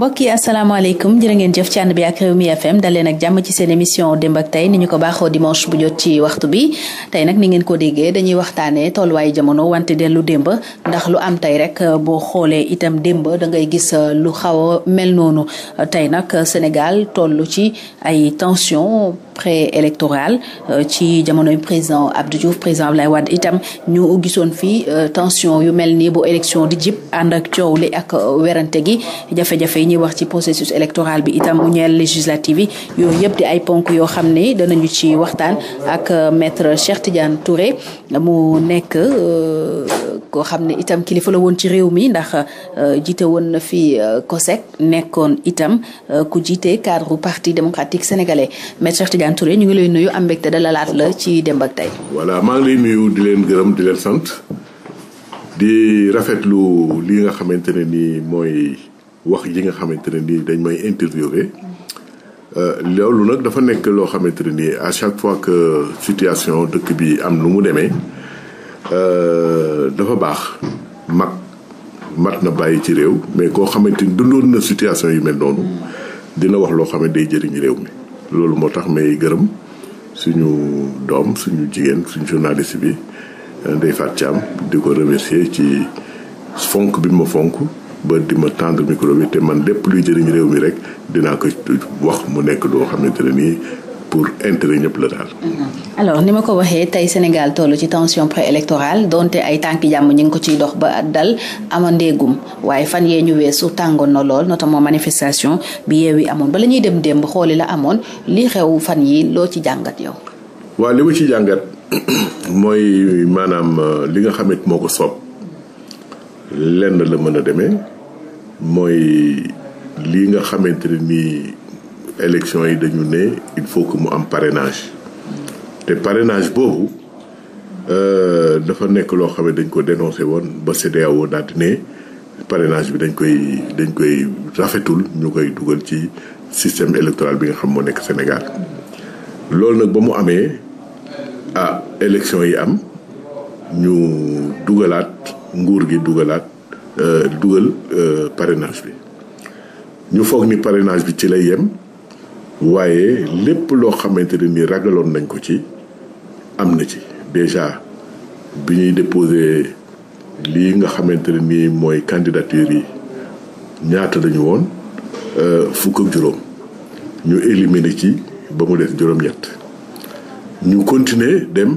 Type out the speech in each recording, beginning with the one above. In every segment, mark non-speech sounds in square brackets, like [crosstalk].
mbokk yi asalaamaaleykum jërë ngeen jëf ci ànd bi ak Rewmi FM daleen ak jàmm ci seen émission démb ak tey ni ñu ko baaxoo dimanche bu jot ci waxtu bi tey nag ni ngeen ko déggee dañuy waxtaanee tolluwaayu jamono wante dellu démb ndax lu am tey rek boo xoolee itam démb da ngay gis euh, lu xaw a mel noonu tey nag euh, Sénégal toll ci ay tension préélectorale euh, ci jamonoy président Abdou Diouf président lay Wade itam ñu gisoon fii tension yu mel nii bu élection di jib ànd ak coow li ak werante gi jafe-jafe yi ñuy wax ci processus électoral bi itam mu ñeel législative yi yooyu yëpp di ay ponk yoo xam ne danañu ci waxtaan ak euh, maître Cheikh Tidiane Touré mu nekk euh, koo xam ne itam kilifa la woon ci réew mi ndax euh, jiite woon na fi COSEC nekkoon itam ku jiite cadre parti démocratique sénégalais maître Cheikh Tidiane ñu ngi lay nuyu am mbégte dalalaat la ci dem ak Tay. maa ngi lay nuyu di leen gërëm di leen sant di rafetlu li nga xamante ne ni mooy. wax ji nga xamante ne nii dañ may interviewé euh, loolu nag dafa nekk loo xamante ne nii à chaque fois que situation dëkk bii am lu mu demee euh, dafa baax mag mat na bàyyi ci réew mais koo xamante ni dundoon na situation yu mel noonu dina wax loo xam ne day jëriñ réew mi loolu moo tax may gërëm suñu doom suñu jigéen suñu journaliste bi Ndeye Fatou Thiam di ko remercier ci fonk bi ma fonk ba di ma tendre micro bi te man lépp luy jëriñ réew mi rek dinaa ko wax mu nekk loo xamante ne nii pour intérêt ñëpp la daal. Mhm. alors ni ma ko waxee tey Sénégal tollu ci tension préélectorale donte ay tànki jàmm ñu ngi ko ciy dox ba dal amandeegum waaye fan yee ñu weesu tàngoon na lool notamment manifestation bi yeewi amoon bala ñuy dem démb xooli la amoon li xew fan yi loo ci jàngat yow. waaw li ma ci jàngat [clears throat] mooy maanaam euh, li nga xam ne moo ko soob. lenn la mën a demee mooy lii nga xamante ne nii élection yi dañu ne il faut que mu am parrainage te parrainage boobu euh, dafa nekk loo xam dañ ko dénoncé woon ba CEDEAO daal di ne parrainage bi dañ koy dañ koy rafetul ñu koy dugal ci système électoral bi nga xam moo nekk senegal loolu nag ba mu amee ah élection yi am ñu dugalaat. nguur gi dugalaat euh, dugal euh, parrainage bi ñu foog ni parrainage bi ci lay yem waaye lépp loo xamante ne ni ragaloon nañ ko ci am na ci déjà bi ñuy déposé lii nga xamante ne ni mooy candidature yi ñaata lañu woon euh, fukk ak juróom ñu éliminé ci ba mu des juróom-ñett ñu continuer dem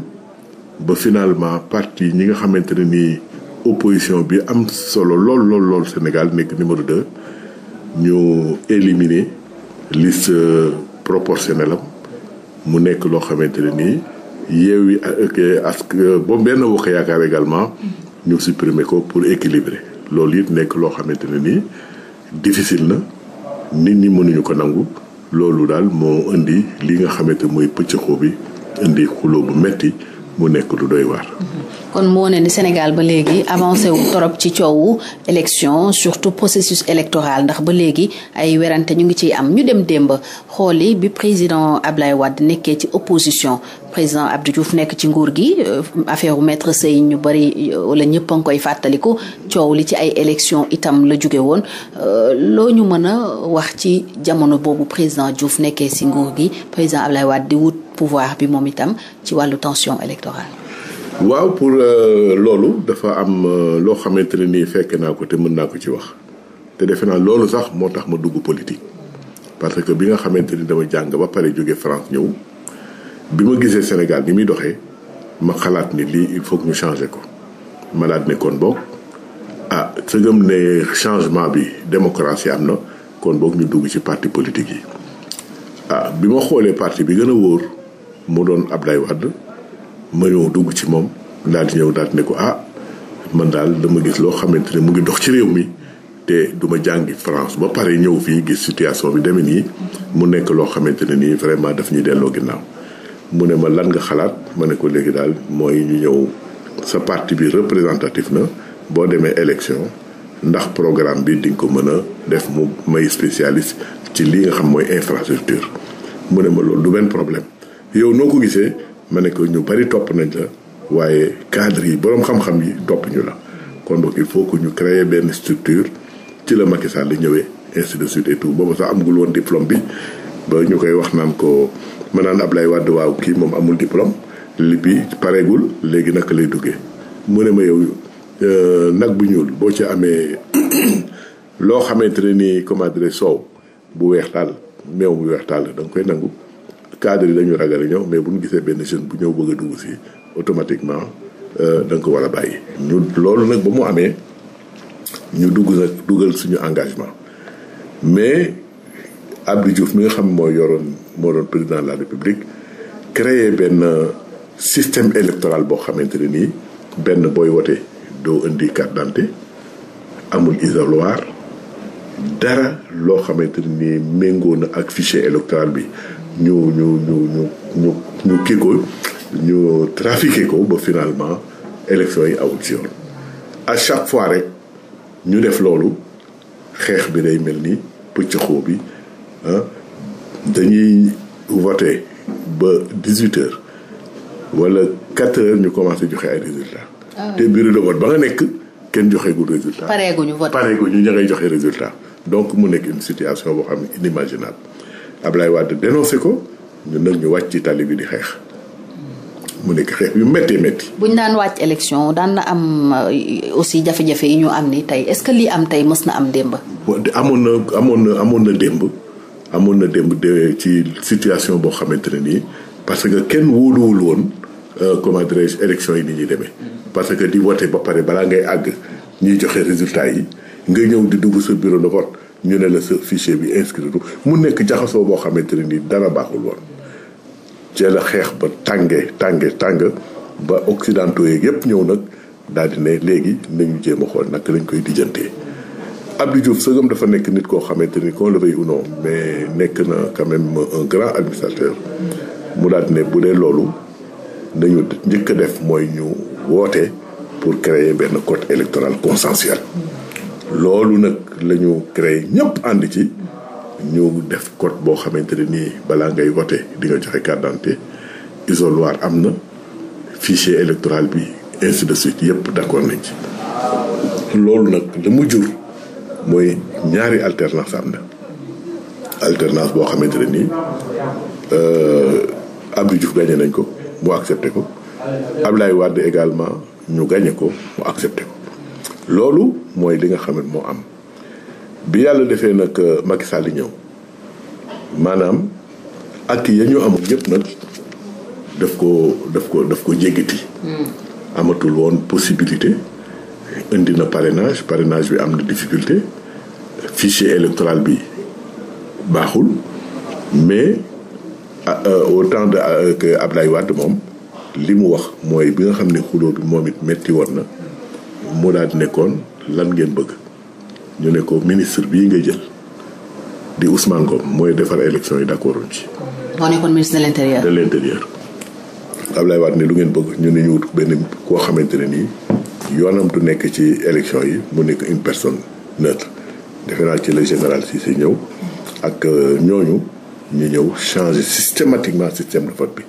ba finalement parti ñi nga xamante ne nii opposition bi am solo lool lool lool Sénégal nekk numéro deux ñu éliminer liste euh, proportionnelle am mu nekk loo xamante ne nii Yewwi Askan euh, ba Benno Bokk Yaakaar également ñu supprimer ko pour équilibrer loolu it nekk loo xamante ne nii difficile na nit ñi mënuñu ko nangu loolu daal moo indi li nga xamante mooy pëccëxoo bi indi xuloo bu metti mu nekk lu doy waar. kon moo ne ni Sénégal ba léegi avancé wu torop ci coowu élection surtout processus électoral ndax ba léegi ay werante ñu ngi ciy am ñu dem démb xooli bi président Ablaye Wade nekkee ci opposition président ab Abdou Diouf nekk ci nguur gi euh, affaire maître Sey ñu bari euh, wala ñëpp a ngi koy fàttaliku coow li ci ay élection itam la jóge woon euh, loo ñu mën a wax ci jamono boobu président Diouf nekkee si nguur gi président Ablaye Wade di wut. pouvoir bi moom itam ci wàllu tension électorale. waaw pour euh, loolu dafa am euh, loo xamante ne nii fekke naa ko te mën naa ko ci wax te defe naa loolu sax moo tax ma dugg politique parce que bi nga xamante ni dama jàng ba pare jóge France ñëw bi ma gisee Sénégal ni muy doxee ma xalaat ni lii il faut que ñu changé ko ma daal ne kon boog ah sëgëm ne changement bi démocratie am na kon boog ñu dugg ci parti politique yi ah bi ma xoolee parti bi gën a wóor. mu doon Ablaye Wade ma ñëw dugg ci moom daal di ñëw daal di ne ko ah man daal dama gis loo xamante ne mu ngi dox ci réew mi te du ma jàngi France ba pare ñëw fii gis situation bi demee nii mu nekk loo xamante ne nii vraiment daf ñuy delloo ginnaaw mu ne ma lan nga xalaat ma ne ko léegi daal mooy ñu ñëw sa parti bi représentatif na boo demee élection ndax programme bi di nga ko mën a def mu may spécialiste ci li nga xam mooy infrastructure mu ne ma lool du benn problème yow noo ko gisee ma ne ko ñu bari topp nañ la waaye cadre yi boroom xam-xam yi topp ñu la kon donc il faut que ñu créer benn structure ci la Macky Sall di ñëwee ainsi de suite et tout boobu sax am amagul woon diplôme bi ba ñu koy wax naan ko ma naan Ablaye Wade waaw kii moom amul diplôme li bi pareegul léegi naka lay duggee mu ne ma yow euh, nag bu ñuul boo ci amee [clears throat] loo xamante ne nii comment dire soow bu weex taal meew bu weex taal da koy nangu cadre yi dañu ragal a ñëw mais bu ñu gisee benn jeune bu ñëw bëgg a dugg si automatiquement euh, da ko war a bàyyi. ñu loolu nag ba mu amee ñu dugg nag dugal suñu engagement mais Abdou Diouf mi nga xam mooy yoroon moo doon président la République créé benn système électoral boo xamante ne nii benn booy wote doo indi carte d'identité amul isoloir dara loo xamante ne nii méngoo na ak fichier électoral bi. ñu ñu ñu ñu ñu ñu kii ko ñu trafiqué ko ba finalement élection yi awut si yoon à chaque fois rek ñu def loolu xeex bi day mel ni pëccëxoo bi ah dañuy voté ba dix huit heures wala quatre heures ñu commencé joxe ay résultats. Ah te bureau de vote ba nga nekk kenn joxeegul résultat. pareeguñu voté pareeguñu ña ngay joxe résultat donc mu nekk une situation boo xam ne inimaginable. Ablaye Wade dénoncé ko ñun nag ñu wàcc ci tali bi di xeex. mu nekk xeex yu métti métti. bu ñu daan wàcc élection daan na am euh, aussi jafe-jafe yi ñu am ni tey est-ce que lii am tey mës na am démb. amoon na amoon na amoon na démb amoon na démb de ci situation boo xamante ne nii parce que kenn wóoluwul woon euh, comment dirais-je élection yi ni ñuy demee. parce que di wote ba pare balaa ngay àgg ñuy joxe résultat yi nga ñëw di dugg sa bureau de vote. ñu ne la sa fichier bi inscrit mu nekk jaxasoo boo xamante ne nii dara baaxul woon cee la xeex ba tànge tànge tàng ba occidentaux yeeg yëpp ñëw nag daal di ne léegi nañu jéem a xool naka lañ koy dijjantee abdu Diouf sëgam dafa nekk nit koo xamante ni qu'on le veuille ou non mais nekk na quand même un grand administrateur mu daal di ne bu dee loolu nañu njëkk def mooy ñu woote pour créer benn code électoral consensuel loolu nag la ñu créé ñëpp ànd ci ñu def code boo xamante ne nii balaa ngay vote di nga joxe carte d'identité isoloir am na fichier électoral bi ainsi suite yëpp d'accord nañ ci. loolu nag la mu jur mooy ñaari alternance am na alternance boo xamante ne nii euh, Abdou Diouf gagné nañ ko mu accepté ko Ablaye Wade également ñu gagné ko mu accepté ko. loolu mooy li nga xam moo am bi yàlla defee nag euh, Macky Sall ñëw maanaam ak ya ñu amoon yëpp nag daf ko daf ko daf ko jéggati hmm. amatul woon possibilité indi na parrainage parrainage bi am na difficulté fichier électoral bi baaxul mais euh, euh, au temps de Abdoulaye Wade moom li mu wax mooy bi nga xam ne xuloo bi moom it metti woon na mu daal di nekkoon lan ngeen bëgg ñu ne ko ministre bii nga jël di Ousmane Ngom mooy defar élection yi d'accord wuñ ci. moo nekkoon ministre de l'intérieur. de l'intérieur. Abdoulaye Wade ne lu ngeen bëgg ñu ne ñu wut benn koo xamante ne nii yoonam du nekk ci élection yi mu nekk une personne neutre defe naa ci le général si ñëw ak euh, ñooñu ñu ñëw changer systématiquement système de vote bi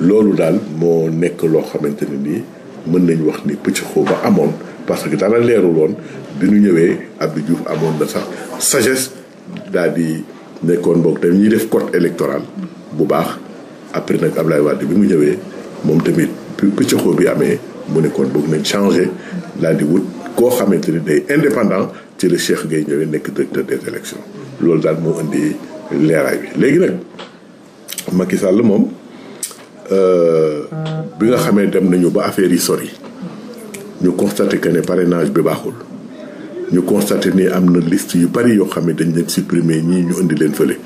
loolu daal moo nekk loo xamante ne nii. mën nañ wax ni pëcc xoo ba amoon parce que dara leeru woon bi ñu ñëwee Abdou Diouf amoon na sax sagesse daal di nekkoon boog tamit ñuy def code électoral bu baax après nag Ablaye Wade bi mu ñëwee moom tamit pëcc xoo bi amee mu nekkoon boog nañ changé daal di wut koo xamante ni day indépendant ci la Cheikh Gueye ñëwee nekk directeur des élections loolu daal moo indi leeraay bi léegi nag Macky Sall moom. Euh, bi nga xamee dem nañu ba affaire yi sori ñu constaté que ne parrainage bi baaxul ñu constaté nii am na liste yu bari yoo xam ne dañ leen supprimer ñii ñu indi leen fële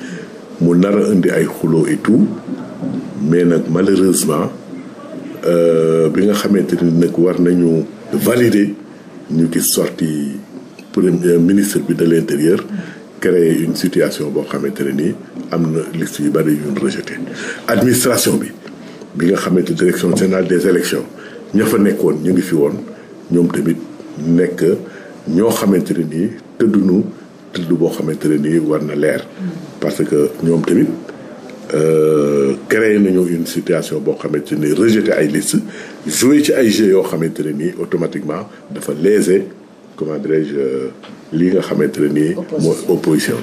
mu nar a indi ay xuloo et tout mais nag malheureusement euh, bi nga xamante ni nag war nañu valider ñu gis sorti premier euh, ministre bi de l'intérieur créer une situation boo xamante ne nii am na liste yu bari yu ñu rejeté administration bi bi nga xamante direction générale des élections ña fa nekkoon ñu ngi fi woon ñoom tamit nekk ñoo xamante ne nii tëddunu tëdd boo xamante ne nii war na leer. parce que ñoom tamit euh, créé nañu une situation boo xamante ni rejeté ay liste joué ci ay jeux yoo xamante ne nii automatiquement dafa léser comment dirais-je euh, lii nga xamante ne nii. mooy opposition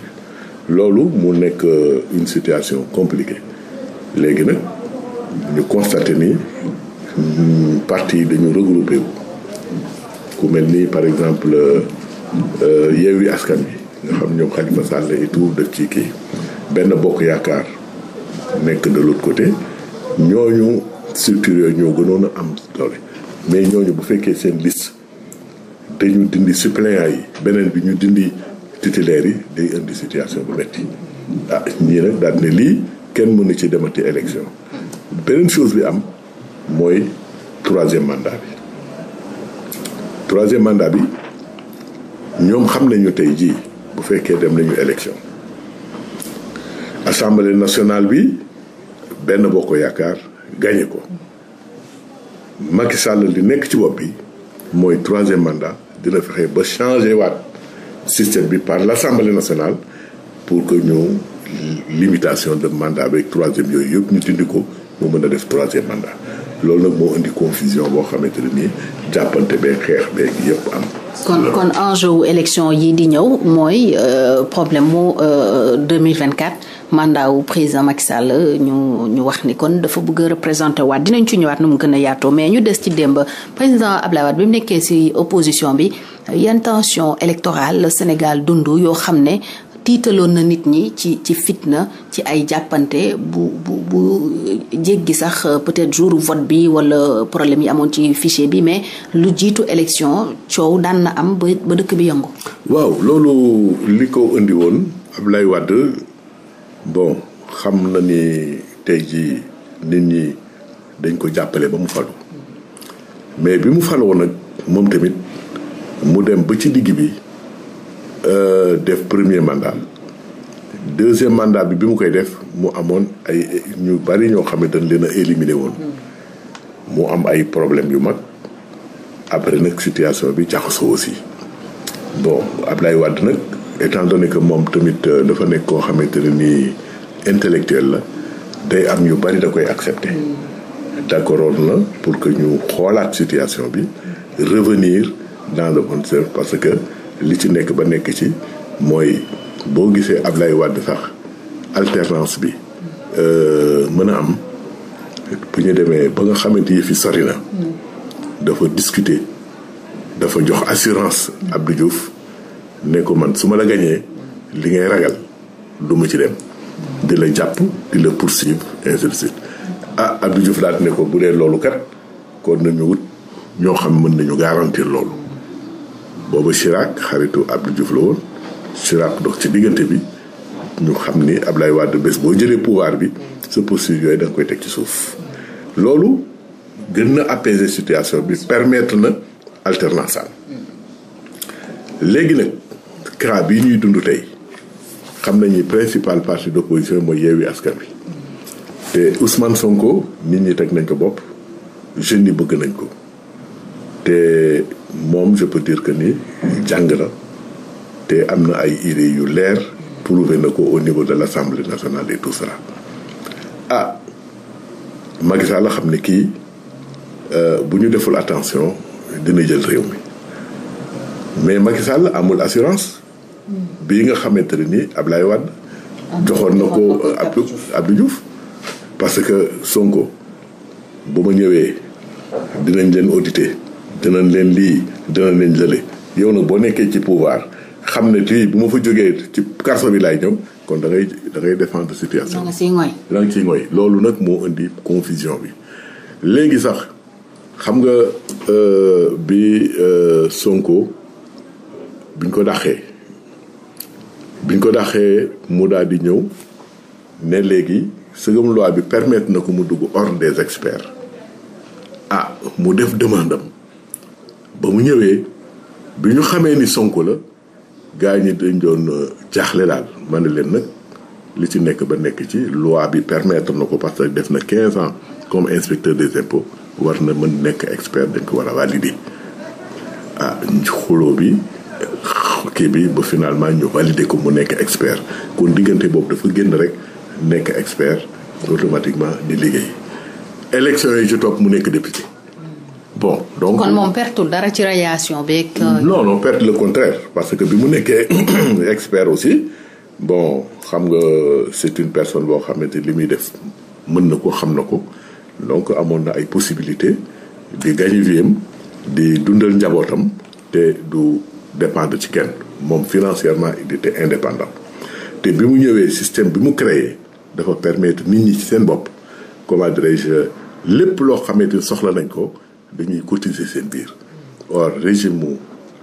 loolu mu nekk euh, une situation compliquée léegi nag. ñu constaté ni mm, parti dañu regroupé wu ku mel ni par exemple euh, Yewwi Askan Wi nga xam ñoom Khalifa Sall et tout def ci kii benn bokk yaakaar nekk de l'autre côté ñooñu structure yooyu ñoo gënoon a am doole mais ñooñu bu fekkee seen te ñu dindi suppléant yi beneen bi ñu dindi titulaire yi day indi situation bu metti ah ñii rek daal ne lii kenn mën mënu ci demati élection beneen chose bi am mooy troisième mandat bi troisième mandat bi ñoom xam nañu tey jii bu fekkee dem nañu élection assemblée nationale bi benn bokk yaakaar gañe ko Macky Sall li nekk ci bopp bi mooy troisième mandat dina fexe ba changé waat système bi par l' assemblée nationale pour que ñu limitation de mandat avec troisième yooyu yëpp ñu dindi mu mën a def troisième mandat loolu nag moo indi confusion boo xamante ne nii jàppante bee xeex bee yëpp am. kon kon enjeu wu élection yi di ñëw mooy euh, problème mu 2024 euh, mandat wu président Macky Sall ñu ñu wax ni kon dafa bëgg a représenté waat dinañ ci ñëwaat nu mu gën a yaatoo mais ñu des ci démb président Abdoulaye Wade bi mu nekkee ci opposition bi yantension électoral électorale Sénégal dund yoo xam ne tiitaloon na nit ñi ci ci fitna ci ay jàppante bu bu bu jéggi sax euh, peut-être jour vote bi wala problème yi amoon ci fichier bi mais lu jiitu élection coow daan na am ba dëkk bi yëngu. waaw loolu li ko indi woon Abdoulaye Wade bon xam na ni tey nit ñi dañ ko jàppale ba mu falu mais bi mu faloo nag moom tamit mu dem ba ci digg bi. Euh, def premier mandat deuxième mandat bi bi mu koy def mu amoon ay ñu bari ñoo xam ne dañ leen a éliminer woon mu am ay problème yu mag après nag situation bi jaxasoo aussi bon Abdoulaye Wade nag étant donné que moom tamit euh, dafa nekk koo xamante ne nii intellectuel la day am yu bari da koy accepter mm. d'accord na pour que ñu xoolaat situation bi revenir dans le bon parce que li ci nekk ba nekk ci mooy boo gisee Ablaye Wade sax alternance bi euh, mën a am bu ñu demee ba nga xamante yi fi sori na dafa discuter dafa jox assurance Abdou Diouf ne ko man su ma la gañee li ngay ragal du ma ci dem di la jàpp di la poursuivre ainsi de suite ah Abdou Diouf daal ne ko bu dee loolu kat kon nañu wut ñoo xam mën nañu garantir loolu booba Chirac xaritu ab Diouf la woon Chirac dox ci diggante bi ñu xam ni ab Ablaye Wade bés boo jëlee pouvoir bi sa posture yooyu da koy teg ci suuf loolu gën na apaiser situation bi permettre na alternance am léegi nag CRA bi ñuy dund tey xam nañu principal parti d'opposition mooy Yewwi Askan bi te Ousmane Sonko nit ñi teg nañ ko bopp jeunes yi bëgg nañ ko te moom je peux dire que ni jàng na te am na ay idées yu leer prouvé na ko au niveau de l'Assemblée nationale et tout ça ah Macky Sall la xam ne kii euh, bu ñu deful attention dina jël réew mi mais Macky amul assurance bii nga xamante ne ni Ablaye Wade joxoon na ko euh, Abdou Abdou Diouf parce que Sonko bu ma ñëwee dinañ leen audité dinañ leen lii dinañ leen lële yow nag boo nekkee ci pouvoir xam ne lii bu ma fa jógee ci karso bi laay ñëw kon da ngay da ngay défendre situation. da nga siy ngooy loolu nag moo indi confusion bi. léegi sax xam nga euh, bi euh, Sonko biñ ko dàqee biñ ko dàqee mu daal di ñëw ne léegi sëgam loi bi permettre na ko mu dugg ordre des experts ah mu def demande am ba mu ñëwee bi ñu xamee ni sonk la gars ñi dañ doon euh, jaaxle daal ma ne leen nag li ci nekk ba nekk ci loi bi permettre na ko parce que def na quinze ans comme inspecteur des impôts war na mën nekk expert dañ ko war a valider ah xuloo bi kii bi ba finalement ñu valider ko mu nekk expert kon diggante boobu dafa génn rek nekk expert automatiquement di liggéey élection yi ci topp mu nekk député bon donc kon moom pertul dara ci radiation bi euh, non non perte le contraire parce que bi mu nekkee [clears throat] expert aussi bon xam nga c'est une personne boo xamante li muy def mën na ko xam na ko donc amoon na ay possibilités di gagner vie am di dundal njabootam te du dépendre ci kenn moom financièrement il était indépendant te bi mu ñëwee système bi mu créé dafa permettre nit ñi ci seen bopp comment dirais-je lépp loo xamante ni soxla nañ ko. dañuy cotiser seen biir or régime mu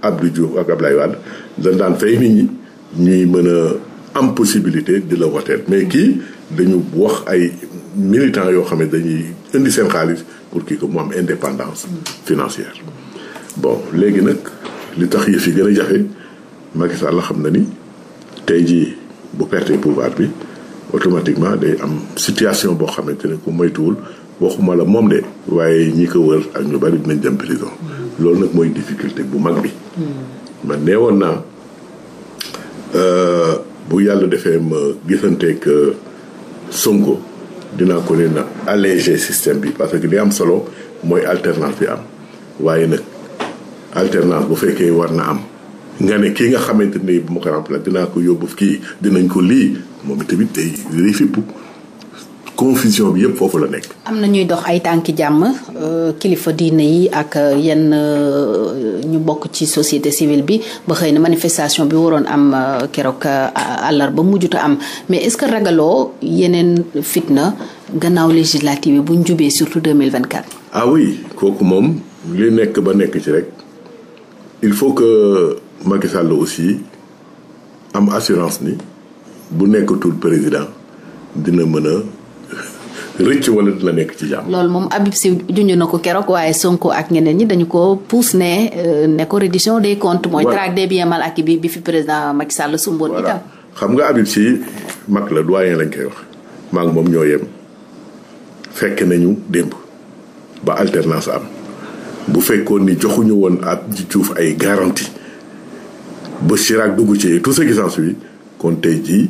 Abdou Diouf ak Abdoulaye Wade dañ daan fay nit ñi ñuy mën a am possibilité di la woteel mais kii dañu wax ay militants yoo xam dañuy indi seen xaalis pour kii ko mu am indépendance financière bo léegi nag li tax yëf yi gën a jafe Macky Sall la xam na ni tey ji bu perte pouvoir bi automatiquement day am situation boo xamante ne ku moytuwul waxuma la moom de waaye ñi ko wër ak ñu bari dina dem prison loolu nag mooy difficulté bu mag bi man nee woon naa euh, bu yàlla defee ma gisanteeg euh, Sonko dinaa ko ne na alléger système bi parce que li am solo mooy alternance fi am waaye nag alternance bu fekkee war na am nga ne kii nga xamante ni bu ma ko remplacer dinaa ko yóbbu kii dinañ ko lii moom itamit day day fippu confusion bi yëpp foofu la nekk. am na ñuy dox ay tànki jàmm euh, kilifa diine yi ak euh, yenn euh, ñu bokk ci société civile bi ba xëy na manifestation bi waroon am keroog àllarba ba mujjuta am mais est-ce que ragaloo yeneen fitna gannaaw législative bi bu ñu jubee surtout 2024. ah oui kooku moom li nekk ba nekk faut que Macky Sall aussi am assurance ni bu nekkatul président dina mën rëcc wala dina nekk ci jàmm. loolu moom Habib Sy junj na ko keroog waaye Sonko ak ñeneen ñi dañu ko puus ne euh, ne ko reddition des comptes. mooy traque des biens mal acquis bi bi fi président Macky Sall sumboon itam. xam nga Habib Sy mag la doyen lañ koy wax maa moom ñoo yem fekk nañu démb ba alternance am bu fekkoon ni joxuñu woon at ci cuuf ay garantie ba Chirac dugg ci tout ce qui s'ensuit kon tey jii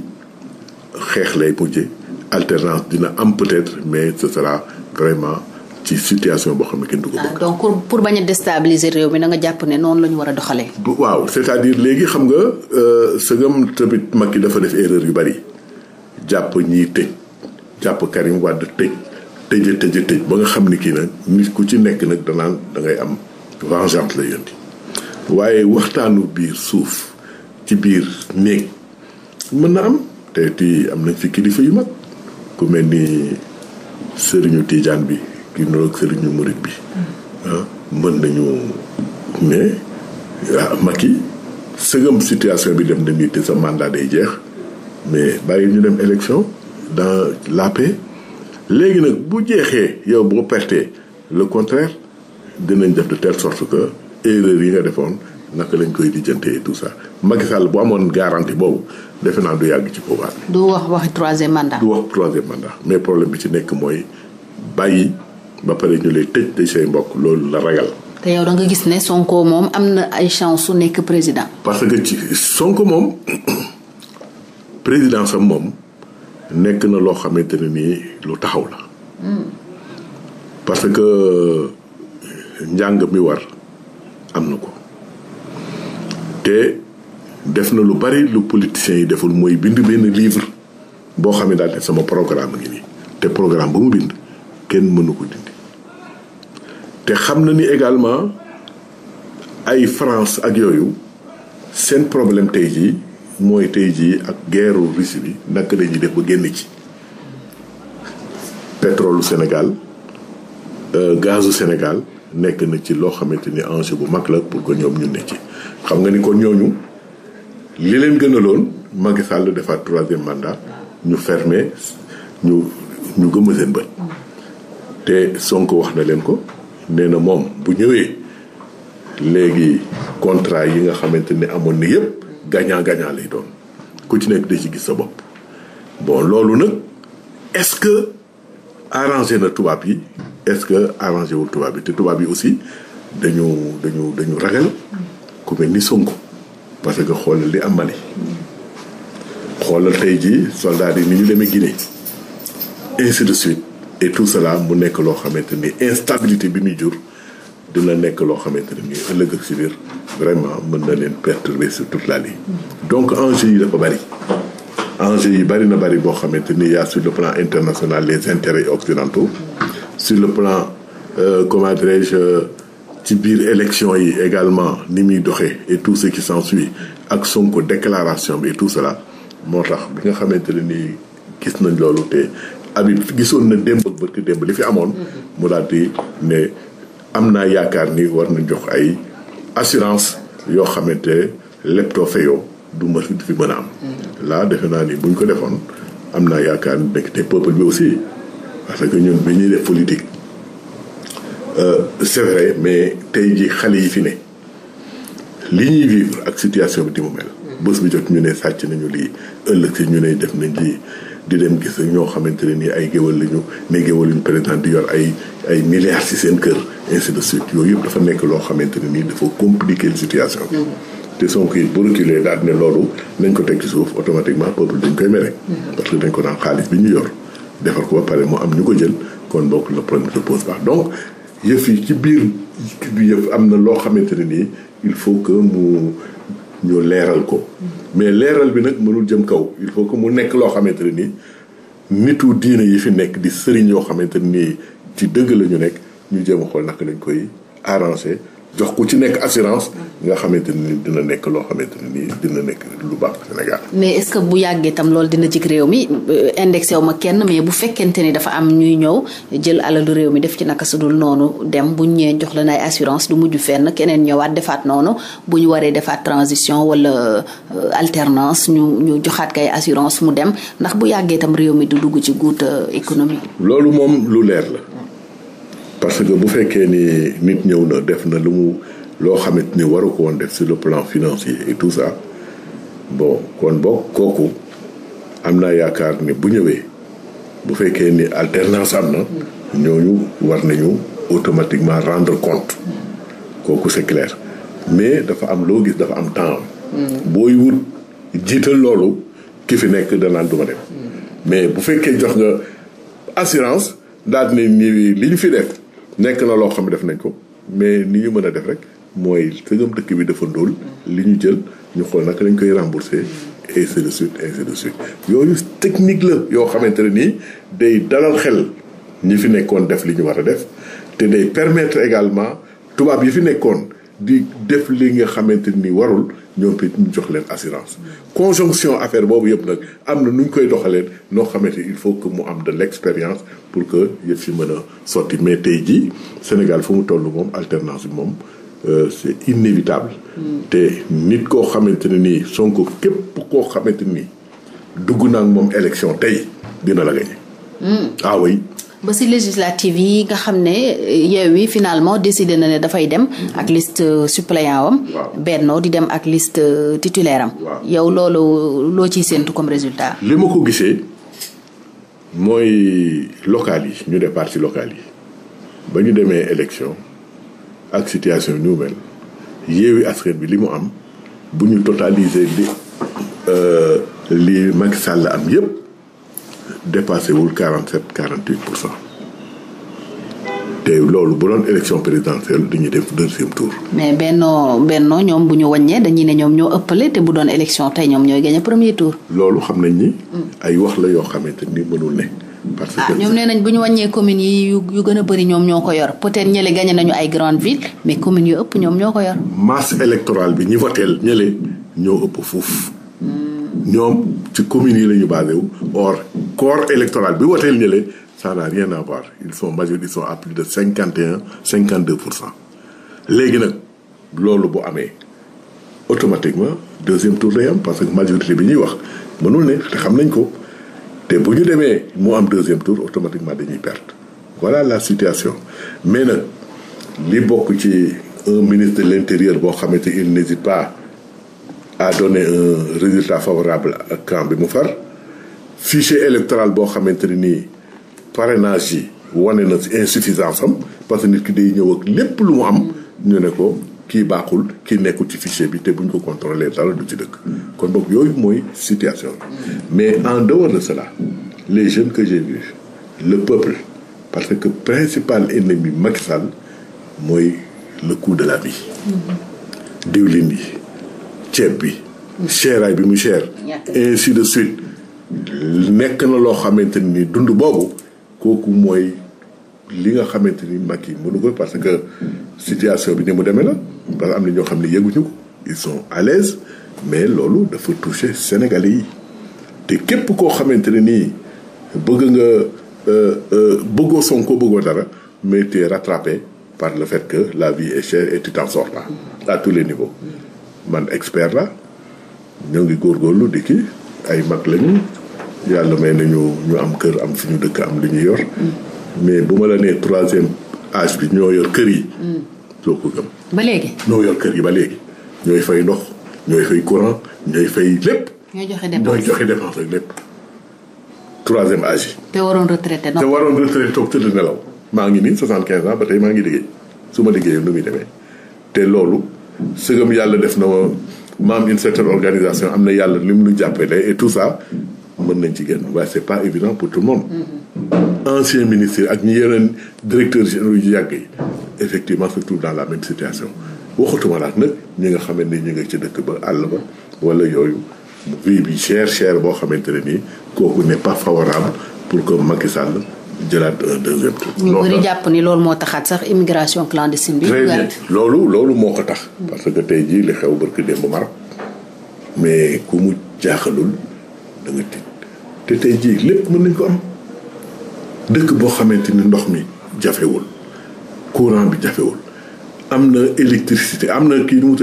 xeex lay mujje alternance dina am peut-être mais ce sera vraiment ci situation boo xam ne kenn du ko ah, bëgg. donc pour a déstabiliser réew mi da nga jàpp ne noonu la ñu war a doxalee. waaw cest à xam nga euh, sëgëm tamit Macky dafa def erreur yu bari jàpp ñiy tëj jàpp Karim Wade tëj tëj tëj tëj ba nga xam ni kii nag nit ku ci nekk nag danaan da ngay am vengeance la yëndi waaye waxtaanu biir suuf ci biir néeg mën na am te ti am nañ ci kilifa yu mag. ku mel ni sëriñu tiijaan bi kii noonu sëriñu murit bi mm. ah, mën nañu mais ah, Macky sëgam situation bi dem dañuy te sa mandat day jeex mais bàyyi ñu dem élection dans la paix léegi nag bu jeexee yow boo pertee le contraire dinañ def de telle sorte que erreur yi nga defoon naka lañ koy lijjantee tout sax Macky Sall bu amoon garantie boobu defe naa du yàgg ci pouvoir bi. du wax wax troisième mandat. du wax troisième mandat mais problème bi ci nekk mooy bàyyi ba pare ñu lay tëj tëj say mbokk loolu la ragal. te yow da nga gis ne Sonko moom am na ay chance su nekk président. parce que ci Sonko moom [coughs] président sam moom nekk na loo xamante ne nii lu taxaw la. Hmm. parce que njàng mi war am na ko. te def na lu bari lu politiciens yi deful mooy bind benn livre boo xam ne daal sama programme ngi nii te programme ba mu bind kenn mënu ko dindi te xam na ni également ay France ak yooyu seen problème tey jii mooy tey jii ak guerre Russie bi naka la def ba génn ci pétrole Sénégal euh, gazu Sénégal nekk na ci loo xamante ni enjeu bu mag la pour que ñoom ñu ne ci. xam nga ni kon ñooñu li leen gënaloon Macky Sall defaat troisième mandat ñu ferme ñu ñu gëmm seen bët. te Sonko wax na leen ko nee na moom bu ñëwee léegi contrat yi nga xamante ni amoon na yëpp gagnant gagnant lay doon ku ci nekk da ci gis sa bopp bon loolu nag est-ce que. arrangé na tubaab yi est-ce que arrangé wul tubaab yi te tubaab yi aussi dañu dañu dañu ragal ku mel ni Sonko parce que xoolal di am Mali xoolal tey jii soldats yi ni ñu demee Guinée ainsi de suite et tout cela mu nekk loo xamante ni instabilité bi muy jur dina nekk loo xamante ni ëllëg ak si biir vraiment mën na leen perturber sur toute la ligne donc enjeu yi dafa bari enjeux yi bari na bari boo xamante ni y sur le plan international les intérêts occidentaux sur le plan euh, comment dirais-je ci biir élection yi également ni muy doxee et tout ce qui s'ensuit ak Sonko déclaration bi et tout cela moo tax bi nga xamante ne nii gis nañ loolu te Habib gisoon na démb bërki démb li fi amoon mm-hmm. mu daal di ne am naa yaakaar ni war na jox ay assurance yoo xamante leptoo feyoo du ma fi mën a am. laa defe naa ni buñ ko defoon am naa yaakaar nekk te peuple bi aussi parce que ñun bi ñuy def politique euh, c'est vrai mais tey jii xale yi fi ne li ñuy vivre ak situation bi di mu mel. bés bi jot ñu ne sàcc nañu lii ëllëg ci ñu ne def nañ lii di dem gis ñoo xamante ne nii ay géwal lañu ne géwal lañu président di yor ay ay milliards si seen kër ainsi de suite yëpp dafa nekk loo xamante ne nii dafa compliquer situation bi. te Sonko it bu reculer daal ne loolu nañ ko teg ci suuf automatiquement peuple dañ koy mere. Mm-hmm. parce que dañ ko naan xaalis bi ñu yor defar ko ba pare mu am ñu ko jël kon bokk le problème se pose pas donc yëf yi ci biir bi yëf am na loo xamante ne nii il faut que mu ñu leeral ko. Mm-hmm. mais leeral bi nag mënul jëm kaw il faut que mu nekk loo xamante ne nii nitu diine yi fi nekk di sëriñ yoo xamante nii ci dëgg la ñu nekk ñu jëm a xool naka lañ koy arranger. jox ko ci nekk assurance nga xamante ni dina nekk loo xamante ne dina nekk lu baax Sénégal. mais est bu yàggee tam loolu dina jig réew mi euh, indexé wu ma kenn mais bu fekkente ni dafa am ñuy ñëw jël alalu réew mi def ci naka sudul noonu dem bu ñëwee jox la nay assurance du mujj fenn keneen ñëwaat defaat noonu bu ñu waree defaat transition wala euh, alternance ñu ñu joxaat kay assurance mu dem ndax bu yàggee tam réew mi du dugg ci guut euh, économie. loolu moom lu leer la. parce que bu fekkee ni nit ñëw na def na lu mu loo xamante ni waru ko def sur le plan financier et tout ça bo kon boog kooku am naa yaakaar ni bu ñëwee bu fekkee ni alternance am na ñooñu war nañu automatiquement rendre compte kooku c'est mais dafa am loo gis dafa am temps booy wut jiital loolu ki fi nekk danaan duma dem mais bu fekkee jox nga assurance daal ne ni li ñu fi def nekk na loo xam def nañ ko mais ni ñu mën a def rek mooy sëgam dëkk bi dafa ndóol li ñu jël ñu xool naka lañ koy remboursé ainsi de suite yooyu technique la yoo xamante ne nii day dalal xel ñi fi nekkoon def li ñu war a def te day permettre également tubaab yi fi nekkoon di def li nga xamante ni warul ñoom it ñu jox leen assurance conjonction affaire boobu yëpp nag am na nu ñu koy doxaleen noo xamante il faut que mu am de l'expérience pour que yëf si mën a sotti mais tey jii Sénégal fu mu toll moom alternance bi moom euh, c'est inévitable mm. te nit koo xamante ne nii Sonko képp koo xamante nii dugg naan moom élection tey dina la gañe ba si législative yi nga xam ne eh, Yewwi finalement décidé na ne dafay dem ak liste euh, suppléant am Benno di dem ak liste euh, titulaire am yow loolu loo ciy séentu comme résultat li ma ko gisee mooy local yi ñu def parti local yi ba ñu demee élection ak situation ñu mel Yewwi bi li mu am bu ñu totaliser li euh, li Macky Sall am yépp dépassé wul 47 48 pour cent te loolu bu doon élection présidentielle du ñu def deuxième tour. mais Benno Benno ñoom bu ñu wàññee dañuy ne ñoom ñoo ëppale te bu doon élection tey ñoom ñooy gagné premier tour. loolu xam nañ ni. Mm. ay wax la yoo xamante ni mënul ne. parce ah, que ñoom nee nañ bu ñu wàññee communes yi yu yu gën a bëri ñoom ñoo ko yor peut-être ñële gagné nañu ay grandes villes mais communes yu ëpp ñoom ñoo ko yor. masse électorale bi ñi voteel ñële ñoo ëpp fuuf. ñoom ci commune yi la ñu basé wu or corps électoral bi woteel ñële ça n'a rien à il ils sont majeurs à plus de cinquante et un cinquante deux pour cent léegi nag loolu bu amee automatiquement deuxième tour day am parce que majorité bi ñuy wax mënul ne te xam nañ ko te bu ñu demee mu am deuxième tour automatiquement dañuy perte voilà la situation mais nag li bokk ci un ministre de l'intérieur boo xamante il n'hésite pas a donné un résultat favorable ak camp bi mu far fichier électoral boo xamante ne nii parrainage yi wane na ci insuffisance am parce que nit ki day ñëw ak lépp lu mu am ñu ne ko kii baaxul kii nekkul ci fichier bi te buñ ko contrôler dara du ci dëkk. kon boog yooyu mooy situation bi mais en dehors de cela les jeunes que j'ai vus le peuple parce que principal ennemi Macky Sall mooy le coût de la vie. Mm-hmm. diwlin yi. ceeb bi seeraay bi mu cher ainsi de suite nekk na loo xamante ni dund boobu kooku mooy li nga xamante ni mag yi mënu ko parce que situation bi ni mu demee la parce que am na ñoo xam ne yëguñu ko ils sont à l'aise mais loolu dafa touché Sénégalais yi te képp koo xamante ne nii bëgg nga euh, euh, bëggoo Sonko bëggoo dara mais tu es par le fait que la vie est chère et tu à tous les niveaux man expert la ñoo ngi góor di kii ay mag lañu yàlla may nañu ñu am kër am fi ñu dëkk am lu ñuy yor. mais bu ma la nee troisième âge bi ñoo yor kër yi. soo ko ba léegi. kër yi ba léegi ñooy fay ndox ñooy fay courant ñooy fay lépp. ñooy joxe dépense ñooy joxe dépense ak lépp troisième âge yi. te waroon retraité non te waroon retraité toog tëdd nelaw maa ngi nii soixante quinze ans ba tey maa ngi liggéey su ma liggéeyee nu muy demee te loolu. sëgëm yàlla def na ma am une certaine organisation am na yàlla li mu nu jàppale et tout ça mën nañ ci génn waaye c'est pas évident pour tout le monde mm-hmm. ancien ministre ak ñi yeneen directeur généraux yu yàgg yi effectivement se trouve dans la même situation waxatuma laat nag ñi nga xamante ni ñu nga ci dëkk ba àll ba wala yooyu vie bi cher boo xamante ne nii kooku n'est pas favorable pour que Macky Sall jëlaat un deuxième tour. ñu bëri jàpp ni loolu moo taxaat sax immigration clandestine bi. très bien loolu loolu moo ko tax. parce que tey jii li xew barki démb Maroc mais ku mu jaaxalul da tiit te tey jii lépp mën nañ ko am dëkk boo xamante ni ndox mi jafewul courant bi jafewul am na électricité am na kii nu mu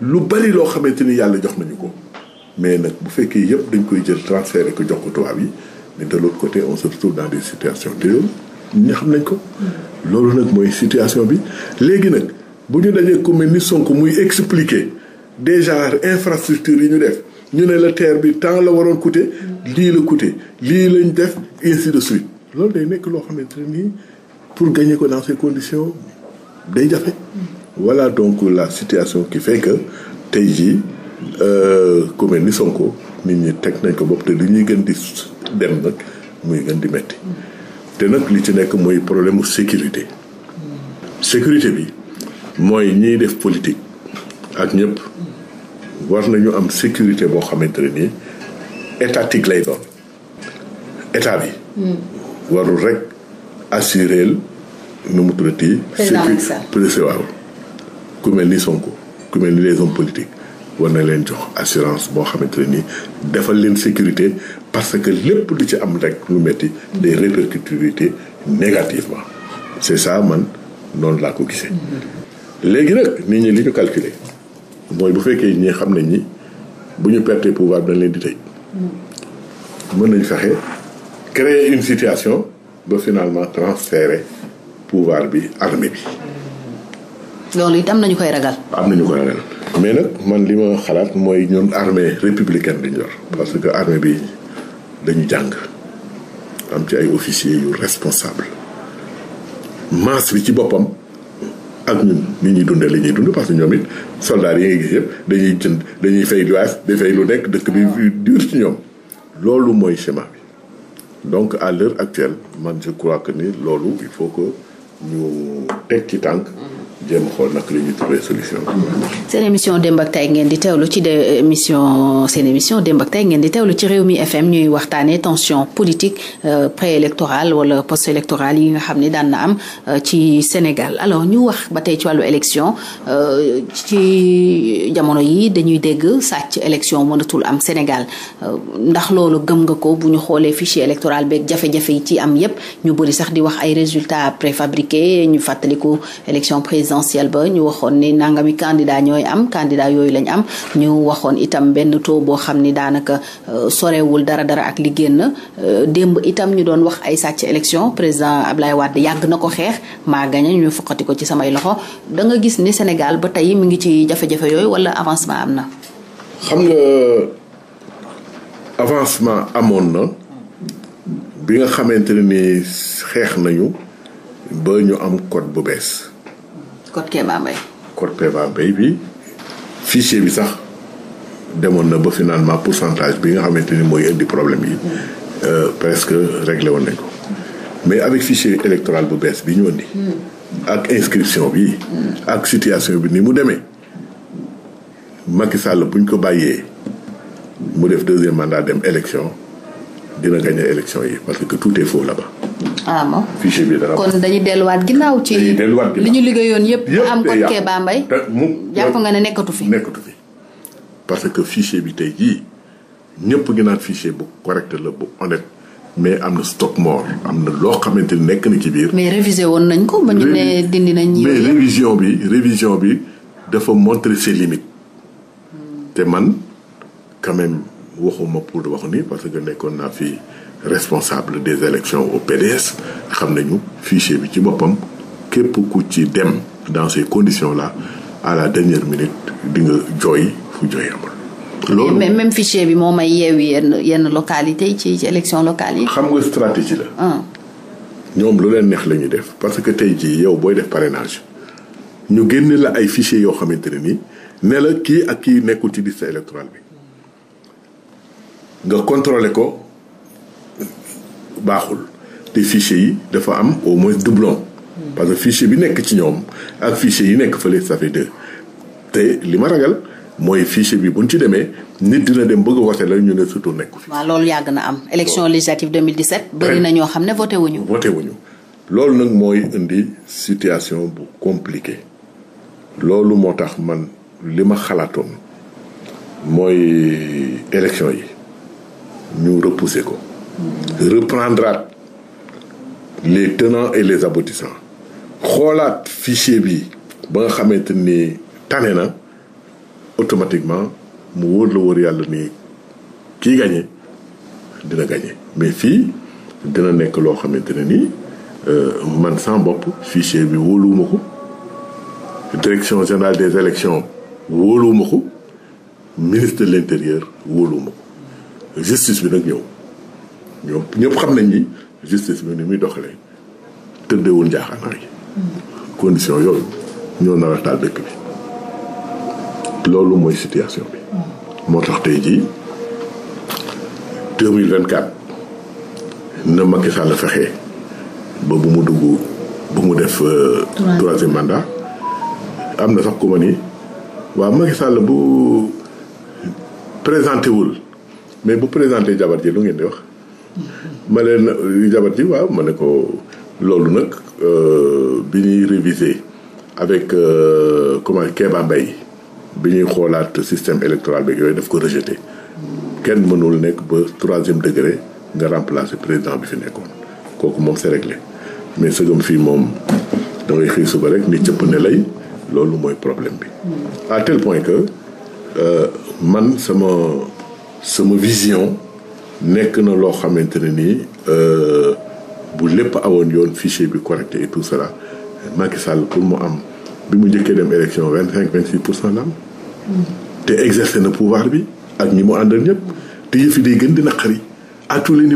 lu bari loo xamante ni yàlla jox nañu ko mais nag bu fekkee yëpp dañ koy jël transféré ko jox ko tubaab yi. mais de l'autre côté on se retrouve dans des situations te yoon ñu xam nañ ko loolu nag mooy situation bi léegi nag bu ñu dajee ku mel ni Sonko muy expliquer déjà infrastructure yi ñu def ñu ne la terre bi tant la waroon coûter lii la coûter lii lañ def ainsi suite loolu day nekk loo xamante ne nii pour gagner ko dans ces conditions day jafe voilà donc la situation ki fait tey jii euh, ku mel ni Sonko nit ñi teg nañ ko bopp te li ñuy gën di dem nag muy gën di métti te nag li ci nekk mooy problème mu sécurité sécurité bi mooy ñiy def politique ak ñëpp war nañu am sécurité boo xamante ne nii étatique lay doon état bi hmm. warul rek assuréel nu mu tuddati sécurité waaw ku mel ni Sonko ku mel ni les hommes politiques war na leen jox assurance boo xamante ne nii defal leen sécurité parce que lépp lu ci am rek lu metti day répercuté négativement c'est ça man noonu laa ko gisee. léegi nag nit ñi li ñu mooy bu fekkee ñi xam nañ ni bu ñu perte pouvoir dañ leen di tëj. mën nañ fexe créer une situation ba finalement transférer pouvoir bi armée bi. loolu it am na ñu koy ragal. am na ñu koy ragal. mais nag man li ma xalaat mooy ñoom armée républicaine bi ñu parce que armée bi dañu jàng am ci ay officiers yu responsable masse bi ci boppam ak ñun ni ñuy dundee li ñuy dund parce que ñoom it soldats yi ngay gis yëpp dañuy jënd dañuy fay luwaas dañuy fay lu nekk dëkk bi dur ci ñoom loolu mooy schéma bi donc à l'heure actuelle man je crois que ni loolu il faut que ñu teg ci tànk jéem xool nag li seen émission Demb ngeen di teewlu ci de émission seen émission Demb ak ngeen di teewlu ci réew Rewmi FM ñuy waxtaanee tension politique euh, préélectorale wala post-électorale yi nga xam ne daan na am euh, ci Sénégal alors ñu wax ba tey ci wàllu élection euh, ci jamono yi dañuy dégg sàcc élection mënatul am Sénégal ndax loolu gëm nga ko bu ñu xoolee fichier électoral beeg jafe-jafe yi ci am yépp ñu bëri sax di wax ay résultats préfabriqués ñu fàttaliku élection présidentielle ba ñu waxoon ni nangami candidat ñooy am candidat yooyu lañ am ñu waxoon itam benn taux boo xam ni daanaka euh, sorewul dara dara ak li génn euh, démb itam ñu doon wax ay sàcc élection président Ablaye Wade yàgg na ko xeex maa gañe ñu foqati ko ci samay loxo da nga gis ni Sénégal ba tey mu ngi ci jafe-jafe yooyu wala avancement am na. xam nga avancement amoon na bi nga xamante ni xeex nañu ba ñu am code bu bees code Kéba Mbaye. bi fichier bi sax demoon na ba finalement pour centage bi nga xamante ni mooy indi problème yi. Euh, presque réglé woon nañ ko. mais avec fichier électoral bu bees bi ñu indi. Hmm. ak inscription bi. Hmm. ak situation bi ni mu demee. Macky Sall bu ñu ko bàyyee mu def deuxième mandat dem élection. dina gagné élection yi parce que tout est faux là-bas. ah bon delluwaat ginnaaw ci li ñu liggéeyoon yëpp. yëpp am kon Kéba Mbaye jàpp nga ne nekkatu fi parce que fichier bi tey yii ñëpp ngi naan fichier bu correct la bu honnête mais am na stock mort am na loo xamante ni nekk na ci biir. mais révisé woon nañ ko dindi nañ. mais révision bi révision bi dafa montrer ses limites. te man quand waxuma pour wax ni parce que nekkoon naa fi responsable des élections au xam nañu fichier bi ci boppam képp ku ci dem dans ces conditions là à la dernière minute di nga jooy fu jooy amul. loolu mais même bi moo may yeewi yenn yenn localités yi ci ci élections locales yi. xam nga stratégie la. Ah. ñoom lu leen neex la ñuy def parce que tey jii yow booy def parrainage ñu génne la ay fichiers yoo xamante ne nii ne la kii ak kii nekkul ci liste électorale bi. nga contrôler ko baaxul te fichier yi dafa am au moins doublon hmm. parce que fichier bi nekk ci ñoom ak fichier yi nekk fële ça fait deux te li ma ragal mooy fichier bi bu ñu ci demee nit dina dem bëgg a voté ñu ne surtout nekku fi. waaw loolu yàgg na am élection législative 2017. bëri na ñoo xam ne voté wuñu. voté wuñu loolu nag mooy indi situation bu compliquée loolu moo tax man li ma xalaatoon mooy élection yi ñu repousser ko reprendra les tenants et les aboutissants xoolaat fichier bi ba nga xamante ni tane na automatiquement mu wóor la wóor yàlla ni kii gagné dina gagné mais fii dina nekk loo xamante ne nii euh, man sans bopp fichier bi wóoluwuma ko direction générale des élections wóoluwuma ko ministre de l'intérieur wóoluwuma ko justice bi nag ñëw ñoom ñëpp xam nañ ni justice bi ni muy doxalee tëddeewul njaaxaanaay condition yooyu ñoo nar a taal dëkk bi loolu mooy situation bi moo tax tey jii na Macky Sall fexe ba bu mu dugg bu mu def euh, troisième mandat am na sax ku ma ni waaw Macky Sall bu présenté wul mais bu présenté jabar ji lu ngeen di wax ma leen euh, jabar ji waaw ma ne ko loolu nag euh, bi ñuy réviser avec euh, comment Kéba mbay bi ñuy xoolaat système électoral bi yooyu daf ko rejeté kenn mënul nekk ba troisième degré nga remplacer président bi fi nekkoon kooku moom c'est réglé mais sëgëm fii moom da ngay xëy suba rek ni cëpp ne lay loolu mooy problème bi à point que man sama sama vision nekk na loo xamante ne nii euh, bu lépp awoon yoon fichier bi correcté et tout cela Macky Sall pour mu am bi mu njëkkee dem élection vingt cinq vingt six pour cent la te exercer na pouvoir bi ak ñi mu àndal ñëpp te yëf yi gën di naqari à tous les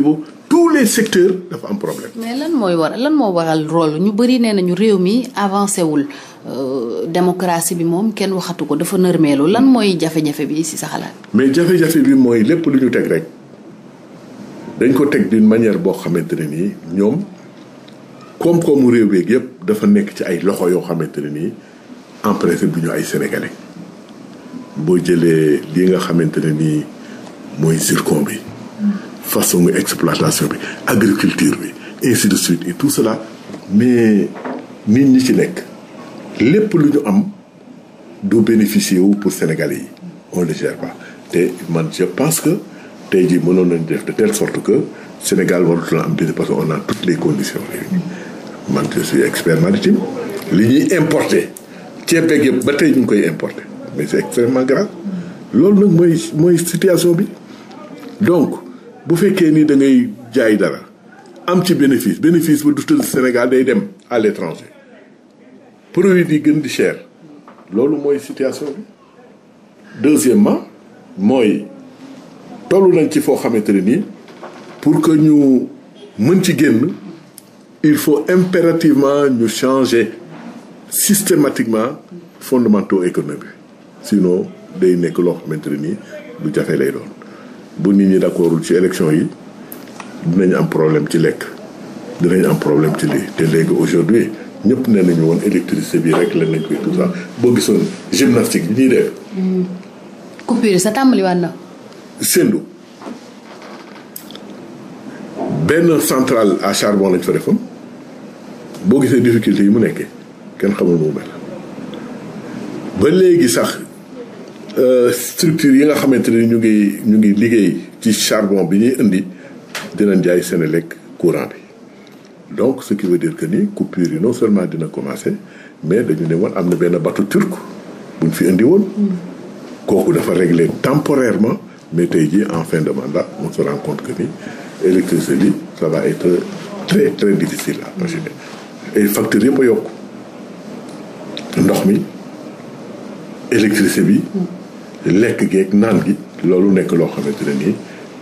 tous les secteurs dafa am problème. mais lan mooy waral lan moo waral rôle ñu bëri nee nañu réew mi avancé wul euh, démocratie bi moom kenn waxatu ko dafa nërmeelu lan mooy jafe-jafe bi ci sa mais jafe-jafe bi mooy lépp lu ñu teg rek dañ ko teg d'une manière boo xamante ne nii ñoom koom-koomu réew bi yëpp dafa nekk ci ay loxo yoo xamante ne nii en principe bu ñu ay sénégalais boo jëlee li nga xamante ne nii mooy zircon bi. façon exploitation bi agriculture bi ainsi de suite et tout cela mais nit ñi ci nekk lépp lu ñu am du bénéficier wu pour Sénégalais yi on le gère pas te man je pense que tey jii mënoon nañu def de tell sorte que Sénégal waratu la am benn parce que on a toutes les conditions réunies man je suis expert li ñuy importer ceeb beeg yëpp ba tey ñu ngi koy importer mais c'est extrêmement grave loolu nag mooy mooy situation bi donc bu fekkee ni da ngay jaay dara am ci bénéfice bénéfice bu du Sénégal day dem à l'étranger produit yi gën di cher loolu mooy situation bi deuxièmement mooy tollu nañ ci foo xamante ne nii pour que ñu mën ci génn il faut impérativement ñu changer systématiquement fondamentaux économiques sinon day nekk loo xamante ne nii lu jafe lay doon bu nit ñi d'accordul ci élection yi dinañ am problème ci lekk dinañ am problème ci lii te léegi aujourd'hui ñëpp ne nañu woon électricité bi rek la nañ koy tout ça boo gisoon gymnastique bi ñuy def. Hmm. coupure sa tàmbaliwaat na. Sendou benn centrale à charbon lañ fa defoon boo gisee difficulté yi mu nekkee kenn xamul mu mel ba léegi sax Euh, structure yi nga xamante ni ñu ngi ñu ngi liggéey ci charbon bi ñuy indi dinañ jaay lekk courant bi donc ce qui veut dire que ni coupure yi non seulement dina commencé mais dañu ne woon am na benn bateau turc buñ fi indi woon kooku dafa régler temporairement mais tey jii en fin de mandat on se rend que ni électricité bi ça va être très très difficile à gérer et facteurs yëpp a yokk ndox mi électricité bi lekk gi ak naan gi loolu nekk loo xamante ne nii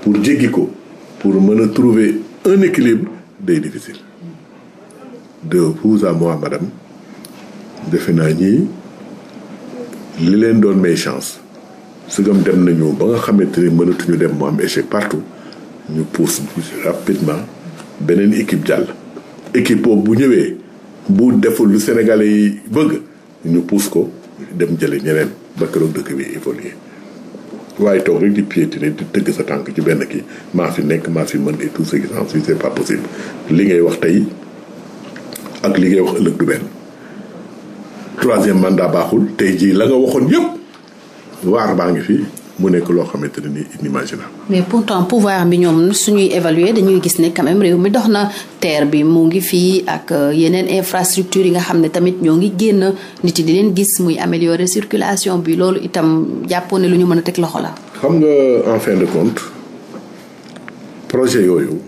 pour jéggi ko pour mën a trouver un équilibre day difficile de vous à moi madame defe naa ñii li leen doon may chance sëgam dem nañu ba nga xamante ni mënatuñu dem mu am échec partout ñu pousse rapidement beneen équipe jàll équipe boobu bu ñëwee bu deful lu Sénégalais yi bëgg ñu pousse ko dem jële ñeneen ba keroog dëkk bi évoluer waaye toog rek di piétiner di tëgg sa tànk ci benn ki maa fi nekk maa fi mën et tout ce qui s'ensuit c'est pas possible li ngay wax tey ak li ngay wax ëllëg du benn man daa baaxul tey jii la nga waxoon yëpp waar baa ngi fi mu nekk loo xamante ne ni inimaginable. mais pourtant pouvoir bi ñoom suñuy évaluer dañuy gis ne quand même réew mi dox na terre bi mu ngi fii ak euh, yeneen infrastructure yi nga xam ne tamit ñoo ngi génn nit yi di leen gis muy améliorer circulation bi loolu itam jàppoo ne lu ñu mën a teg loxo la. xam nga en fin de compte projet yooyu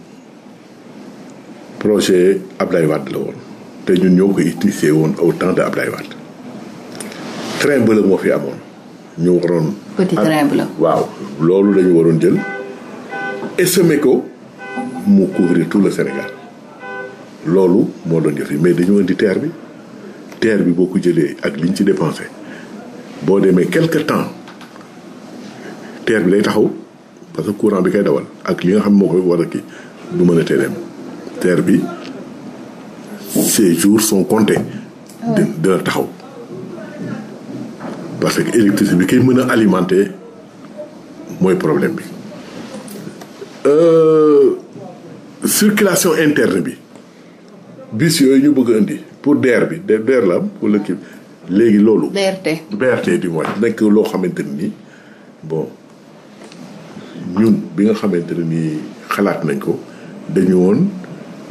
projet Ablaye Wade la woon te ñun ñoo ko initié woon au temps de Ablaye Wade train bële moo fi amoon ñu waroon. waaw loolu la waroon jël essaimé ko mu couvrir tout le Sénégal loolu moo doon jëf mais dañu indi terre bi terre bi boo ko jëlee ak liñ ci dépensé boo demee quelque temps terre bi day taxaw parce que courant bi koy dawal ak li nga xam moo koy war a kii du mën a tee dem terre bi ces jours sont comptés. Ah taxaw. parce que électricité bi koy mën a alimenter mooy problème bi euh, circulation interne bi bis yooyu ñu bëgg a indi pour DER bi DER la am léegi loolu. BRT BRT du moins nekk loo xamante ne nii bon ñun bi nga xamante ne nii xalaat nañ ko dañu woon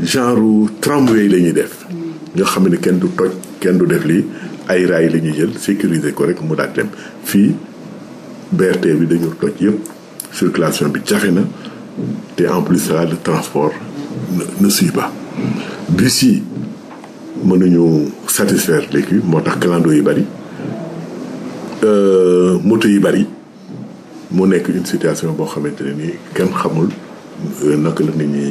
genre tramway la ñuy def. Mm. nga xam ne kenn du toj kenn du def lii. ay raay la ñuy jël sécuriser ko mu daal dem fii BRT bi dañu toj yëpp circulation bi jafe na te en plus ça le transport ne suit pas bus yi mënuñu satisfaire léegi moo tax clando yi bëri euh, moto yi bari mu nekk une situation boo xamante ne nii kenn xamul euh, naka la nit ñi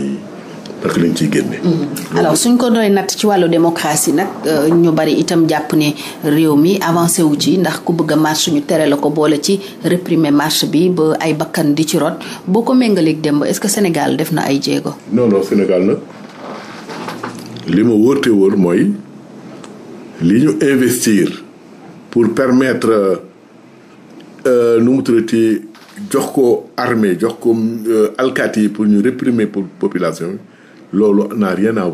naka lañ ñu génne. Mhm. alors suñ ko doy natt ci wàllu démocratie nag euh, ñu bari itam jàpp ne réew mi avancé wu ci ndax ku bëgg a marche ñu tere la ko boole ci reprimer marche bi ba ay bakkan di ci rot boo ko méngaleeg démb est-ce que Sénégal def na ay jéego. non non Sénégal nag li ma wóorte wóor mooy li ñu investir pour permettre euh, nu mu tuddati jox ko armée jox ko euh, alkaati yi pour ñu réprimer pour population loolu n'a rien à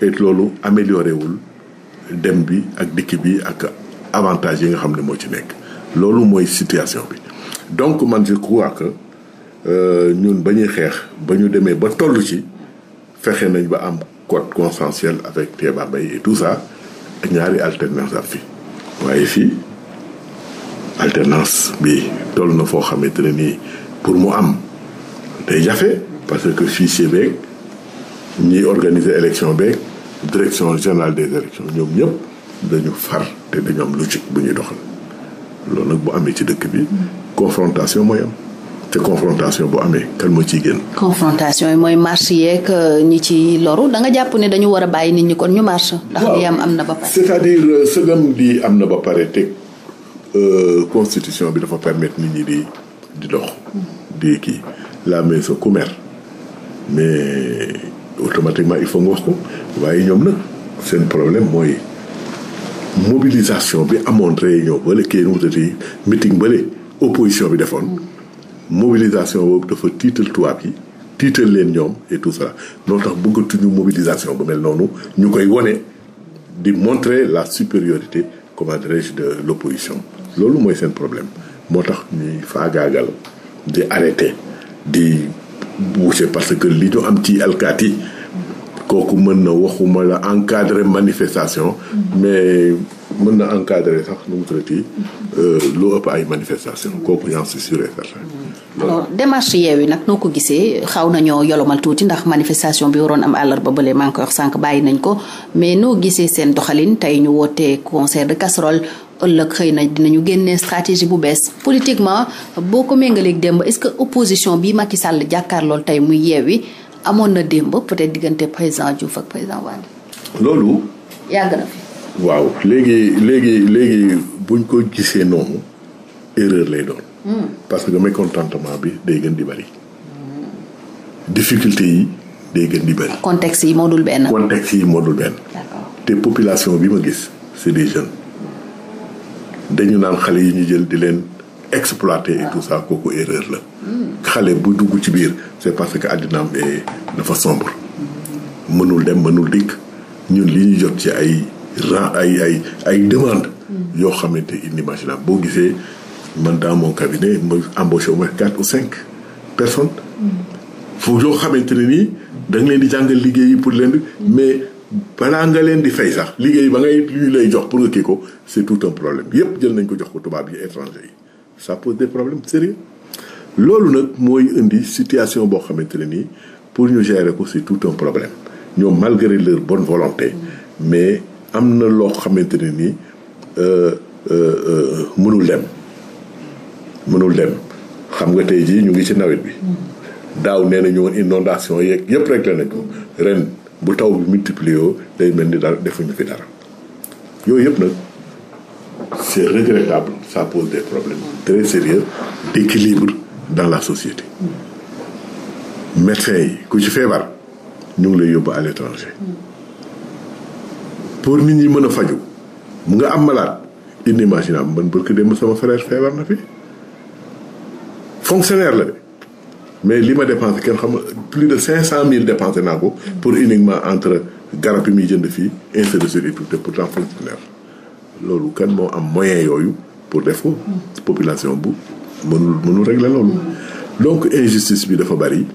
et loolu amélioré wul dem bi ak dikk bi ak avantage yi nga xam ne moo ci nekk loolu mooy situation bi donc man je crois que euh, ñun ba ñuy xeex ba ñu demee ba tollu ci fexe nañ ba am code consensuel avec Kéba Mbaye et tout ça ñaari alternance am fi waaye fii alternance bi toll na foo xamante ne nii pour mu am day jafe parce que fichier beeg ñiy organiser élection beeg direction générale des élections ñoom ñëpp dañu far te dañu am logique bu ñuy doxal loolu nag bu amee ci dëkk bi confrontation mooy am te confrontation bu amee kan moo ci génn. confrontation yi mooy marche yeeg euh, ñi ci loru danga nga jàpp ne dañu war a bàyyi nit ñi kon ñu marche. ndax li am am na ba pare. c'est-à-dire sëgam euh, di am na ba pare te euh, constitution bi dafa permettre nit ñi di di dox. di la mais sa mais. automatiquement il faut nga wax ko waaye ñoom nag seen problème mooy mobilisation bi amoon réunion bale kii nu mu tati meeting bale opposition bi defoon mobilisation boobu dafa tiital tubaab yi tiital leen ñoom et tout ça noo tax bëggatuñu mobilisation bu mel noonu ñu koy wone di montrer la supériorité comment dirais-je de l'opposition loolu mooy seen problème moo tax ñuy faagaagal di arrêter di c'est parce que li ñu am ci alkaati kooku mën na waxuma la encadrer manifestation mais mën na encadrer sax nu mu tuddati euh, loo ëpp ay manifestation kooku j'en suis sûr démarche yeew yi nag noo ko gisee xaw nañoo yolomal tuuti ndax manifestation bi waroon am àllarba bële maa ngi koy wax sànq bàyyi nañ ko mais noo gisee seen doxalin tey ñu wootee concert de casserole ëllëg xëy na dinañu génnee stratégie bu bees politiquement boo ko méngaleeg démb est-ce que opposition bi Macky Sall jàkkaarlool tey muy yeewi amoon na démb peut diggante président Diouf ak président Wade. loolu. yàgg na fi. waaw léegi léegi léegi buñ ko gisee noonu erreur lay doon. Hmm. parce que mécontentement bi day gën di bari. difficulté yi day gën di bari. contexte yi moo dul benn. contexte yi moo dul benn. te population bi ma gis c'est des jeunes. dañu naan xale yi ñu jël di leen exploité et tout ça kooku erreur la xale bu dugg ci biir c'est parce que àddinaam dafa sombre mënul dem mënul dikk ñu li ñu jot ci ay ren ay ay ay demande yoo xamante inimaginable boo gisee man dans mon cabinet ma embauché au moins quatre ou cinq personnes mm. foofu yoo xamante ne nii da leen di jàngal liggéey yi pour leen mais balaa nga leen di fay sax liggéey ba ngay ñu lay jox pour nga kii ko c'est tout un problème yépp jël nañ ko jox ko tubaab yi étranger yi ça pose des problème sérieux loolu nag mooy indi situation boo xamante ne nii pour ñu geere ko c'est tout un problème ñoom malgré leur bonne volonté mais am na loo xamante ne nii euh, euh, euh, mënul dem mënul dem xam nga tey jii ñu ngi si nawet bi daaw nee nañu woon inondation yeeg yëpp réglé nañ ko ren bu taw bi multiplier woo day mel ni dara defuñu fi dara yooyu yëpp nag c'est regrettable ça pose des problèmes très sérieux d'équilibre dans la société médecins yi ku ci feebar ñu ngi lay yóbbu à l'étranger pour nit ñi mën a faju mu ngi am malade inimaginable man barki démb sama frère feebar na fi fonctionnaire la de mais li ma dépensé kenn xam plus de cinq cent mille dépensé naa ko pour uniquement entre garab yi muy jënd fii ainsi de suite et pourtant fonctionnaire loolu kan moo am moyen yooyu pour def ko population bu mënul mënul régler loolu donc injustice bi dafa bari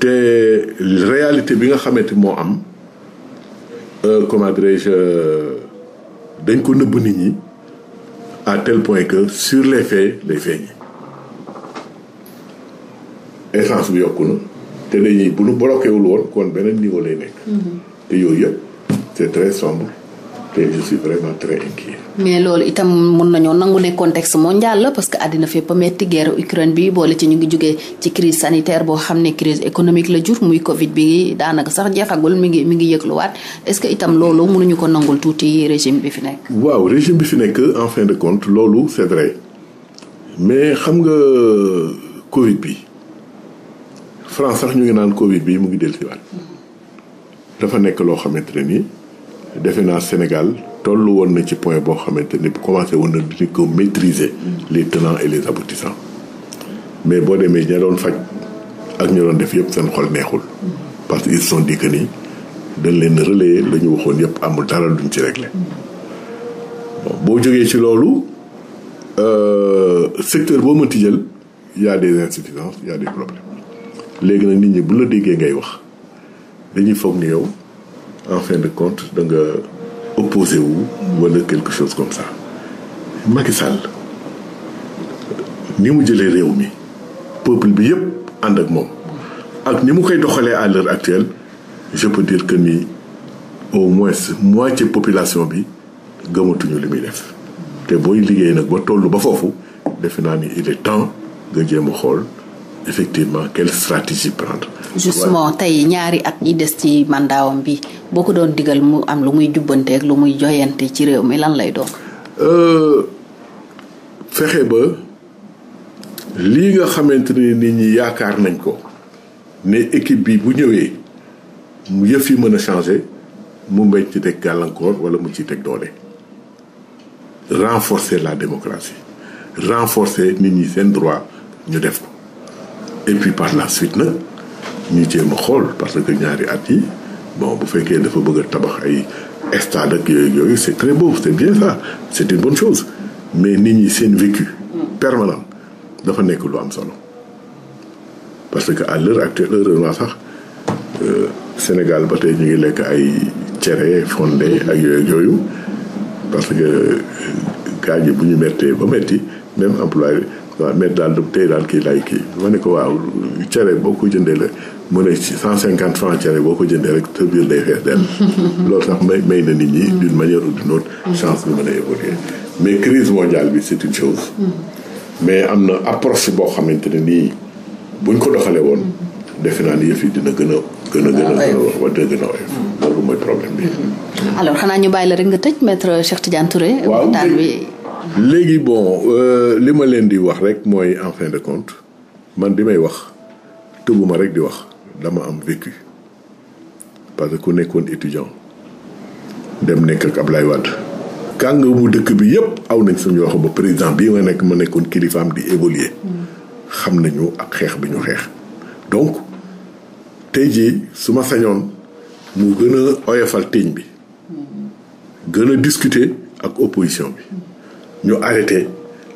te réalité bi nga xamante moo am euh, comment dirais-je dañ ko nëbb nit ñi à tel point que sur les faits lay feeñi essence bi yokku na te dañuy bu nu bloqué wul woon kon beneen niveau lay nekk. Mm-hmm. te yooyu yëpp c'est très sombre te je suis vraiment très mais loolu itam mun nañoo nangu ne contexte mondial la parce que àddina fépp a metti guerre Ukraine bi boole ci ñu ngi jógee ci crise sanitaire boo xam ne crise économique la jur muy Covid bi daanaka sax jeexagul mi ngi mi ngi yëgluwaat est-ce que itam loolu nañu ko nangul tuuti régime bi fi nekk. waaw régime bi fi nekk en fin de compte loolu c'est xam nga Covid bi. France sax ñu ngi naan Covid bi mu ngi dellusiwaat dafa nekk loo xamante ne ni defe naa Sénégal tollu woon na ci point boo xamante ni bu commencé woon na di ko maîtriser les tenants et les aboutissants mais boo demee ña doon faj ak ñu doon def yëpp seen xol neexul parce que ils sont dit que ni dañ leen relayer la waxoon yëpp amul dara duñ ci réglé boo jógee ci loolu euh, secteur boo mënti jël y des insuffisances y a des problèmes léegi nag nit ñi bu la déggee ngay wax dañuy foog ni yow en fin de compte da nga opposé wu wala quelque chose comme ça Macky ni mu jëlee réew mi peuple bi yépp ànd ak moom ak ni mu koy doxalee à l'heure actuelle je peux dire que ni au moins moitié population bi gëmatuñu li muy def te booy liggéey nag ba tollu ba foofu defe naa ni il est temps nga jéem xool effectivement quelle stratégie prendre. justement tey ñaari at yi des ci mandaawam bi boo ko doon digal mu am lu muy jubbanteeg lu muy joyante ci réew mi lan lay doon. Euh, fexe ba lii nga xamante ni nit ñi yaakaar nañ ko mais équipe bi bu ñëwee mu yëf yi mën a changé mu mbañ ci teg gàllankoor wala mu ci teg doole. renforcer la démocratie renforcer nit ñi seen droit ñu def ko. et puis par la suite nag ñu jéem a xool parce que ñaari at yi bon bu fekkee dafa bëgg tabax ay stade ak yooyu yooyu c'est très beau c'est bien ça c'est une bonne chose mais nit ñi seen vécu permanent dafa nekk lu am solo parce que à l'heure actuelle heureusement sax euh, Sénégal ba tey ñu ngi lekk ay cere fondé ak yooyu yooyu parce que euh, gars yi bu ñu mettee ba metti même emploi waaw maître daal du tey daal kii lay kii ma ko waaw cere boo ko jëndee la mu ne ci cent cinquante franc cere boo ko jëndee rek sa biir day fees dell [laughs] loolu sax may may na nit ñi mm. d'une manière ou d'une autre mm. chance bi mën évoluer mais crise mondiale bi c'est une chose mm. mais am na approche boo xamante ne nii buñ ko doxalee woon defe naa ni yëf yi dina gën a gën a gën a wa dina gën a oyof loolu mooy problème bi mm-hmm. alors xanaa ñu bàyyi la rek nga tëj maître Cheikh léegi bon euh, li ma leen di wax rek mooy en fin de compte man di may wax tëbuma rek di wax dama am vécu parce que ku nekkoon étudiant dem nekk ak Ablaye Wade kàng mu dëkk bi yëpp aw nañ suñu wax ba président bi ma nekk ma nekkoon kilifaam di évoluer xam nañu ak xeex bi ñu xeex donc tey jii su ma sañoon mu gën a oyofal teeñ bi gën a discuter ak opposition bi ñu arrêté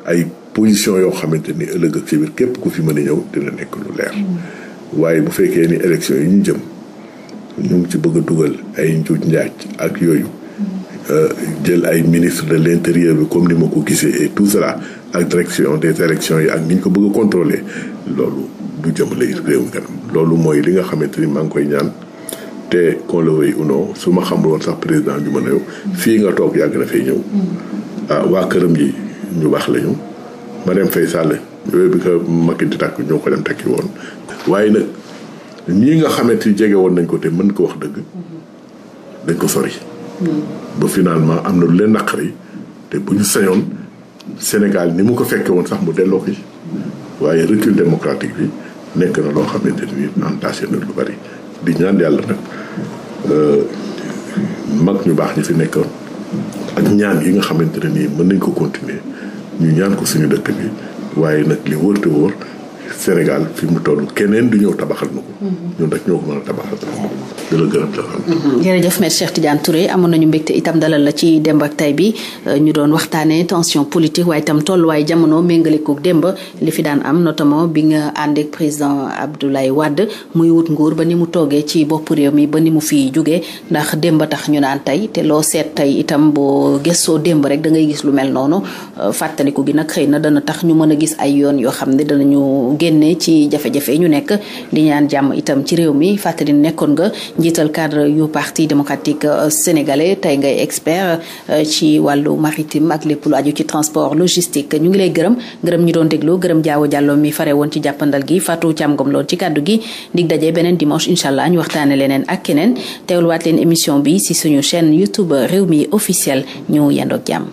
ay position yoo xamante ni ëllëg ak ci biir képp ku fi mën a ñëw dina nekk lu leer mm. waaye bu fekkee ni élection yi ñu jëm ñu ngi ci bëgg a dugal ay njuuj njaaj ak yooyu mm. euh, jël ay ministre de l'intérieur bi comme ni ma ko gisee et tout cela ak direction des élections yi ak ni ñu ko bëgg a loolu du jëmale réew mi kanam loolu mooy li nga xamante ni maa ngi koy ñaan te qu'on le veuille su ma xamul woon sax président Diomaye yow mm. fii nga toog yàgg na fay ñëw ah waa këram yi ñu baax lañu Marième Faye Sall yooyu bi ko Macky di tàkk ñoo ko dem takki woon waaye nag ñi nga xamante jege woon nañ ko te mën koo wax dëgg dañ ko sori ba finalement am na lu leen naqari te bu ñu sañoon Sénégal ni mu ko fekke woon sax mu delloo ko ci waaye recul démocratique bi nekk na loo xamante ni entaché na lu bari di ñaan yàlla nag euh, mag ñu baax ñu fi nekk ak ñaan yi nga xamante ne nii mën nañ ko continuer ñu ñaan ko suñu dëkk bi waaye nag li wóor te wóor Sénégal fi mu toll keneen du ñëw tabaxal na ko. ñun rek ñoo amoon nañu mbégte itam dalal la ci démb ak tay bi euh, ñu doon waxtaanee tension politique waaye itam tolluwaay jamono méngale koog démb li fi daan am notamment bi nga ànd ak président Abdoulaye wàdd muy wut nguur ba ni mu toogee ci bopp réew mi ba ni mu fi jóge ndax démb tax ñu naan tey te loo seet tey itam boo gëstoo démb rek da ngay gis lu mel noonu euh, fàttaliku gi nag xëy na dana tax ñu mën a gis ay yoon yoo xam ne danañu génne ci jafe-jafe yi ñu nekk di ñaan jàmm itam ci réew mi fàttali nekkoon nga njiital cadre yu parti démocratique euh, sénégalais tey ngay expert euh, ci wàllu maritime ak lépp lu aju ci transport logistique ñu ngi lay gërëm gërëm ñu doon déglu gërëm jaawo jàlloo mi fare woon ci jàppandal gi Fatou Thiam Ngom loon ci kàddu gi dig daje beneen dimanche incha allah ñu waxtaane leneen ak keneen teewluwaat leen émission bi si suñu chaîne YouTube mi officiel ñu yendoog jàmm